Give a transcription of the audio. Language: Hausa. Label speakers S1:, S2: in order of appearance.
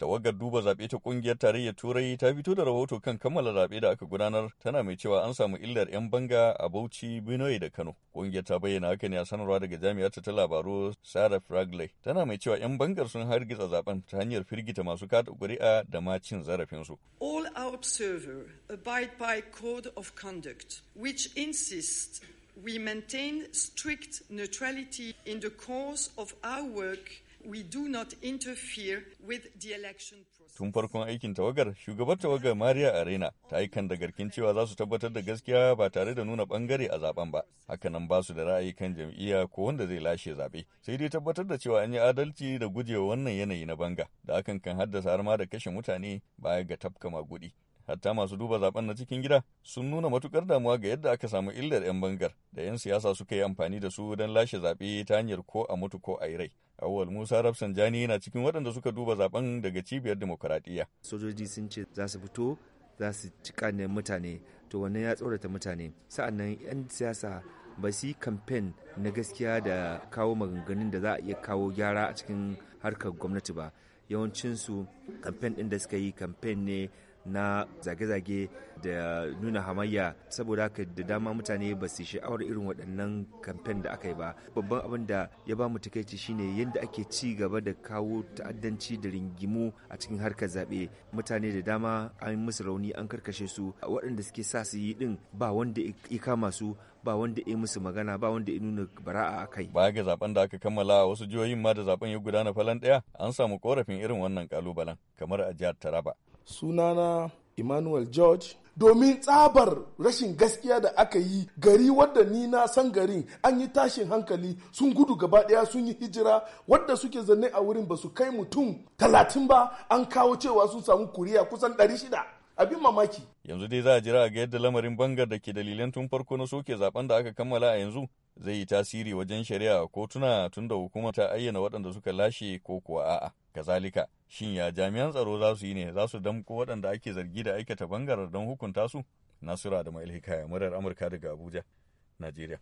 S1: Tawagar duba zaɓe ta ƙungiyar tarayyar Turai ta fito da rahoto kan kammala zaɓe da aka gudanar tana mai cewa an samu illar 'yan banga a Bauchi, Benue da Kano. Ƙungiyar ta bayyana haka ne a sanarwa daga jami'arta ta labaru Sarah Fragley. Tana mai cewa 'yan bangar sun hargitsa zaben ta hanyar firgita masu kada ƙuri'a da ma cin zarafinsu. All out server abide by code of conduct which insists we maintain strict neutrality in the course of our work. We do not interfere with the
S2: election process.
S1: Tun farkon aikin tawagar, shugabar tawagar Maria Arena ta yi kan dagarkin cewa za su tabbatar da gaskiya ba tare da nuna bangare a zaben ba. Hakanan ba su da ra'ayi kan jam'iyya ko wanda zai lashe zaɓe. Sai dai tabbatar da cewa an yi adalci da gujewa wannan yanayi na banga, da hakan kan haddasa har ma da kashe mutane baya ga tafka magudi. hatta masu duba zaben na cikin gida sun nuna matukar damuwa ga yadda aka samu illar 'yan bangar da 'yan siyasa suka yi amfani da su don lashe zaɓe ta hanyar ko a mutu ko a yi rai. Awwal Musa jani yana cikin waɗanda suka duba zaben daga
S3: cibiyar demokuraɗiyya. Sojoji sun ce za su fito za su ci mutane to wannan ya tsorata mutane sa'an nan 'yan siyasa ba su yi kamfen na gaskiya da kawo maganganun da za a iya kawo gyara a cikin harkar gwamnati ba yawancinsu kamfen ɗin da suka yi kamfen ne na zage-zage da nuna hamayya saboda haka da dama mutane ba su sha'awar irin waɗannan kamfen da aka yi ba babban abin da ya ba mu takaici shine yadda ake ci gaba da kawo ta'addanci da ringimu a cikin harkar zaɓe mutane da dama an musu rauni an karkashe su waɗanda suke sa su yi ɗin ba wanda ya kama su ba wanda ya musu magana ba wanda ya nuna bara'a a kai.
S1: Baya ga zaben da aka kammala a wasu jihohin ma da zaben ya gudana falan ɗaya an samu korafin irin wannan kalubalen kamar a jihar Taraba
S2: sunana Emmanuel George domin tsabar rashin gaskiya da aka yi gari wadda ni na san garin an yi tashin hankali sun gudu gaba daya sun yi hijira wadda suke zanne a wurin ba su kai mutum talatin ba an kawo cewa sun samu kuriya kusan ɗari shida abin mamaki
S1: yanzu dai za a jira ga yadda lamarin bangar da ke dalilan tun farko na soke zaben da aka kammala a yanzu zai yi tasiri wajen shari'a a kotuna tunda hukumar ta ayyana waɗanda suka lashe ko kuwa a'a. Kazalika, shin ya jami'an tsaro za su yi ne za su damƙo waɗanda ake zargi da aikata bangarar don hukunta su? Nasura da Ma'ilhika, murar Amurka daga Abuja, Najeriya.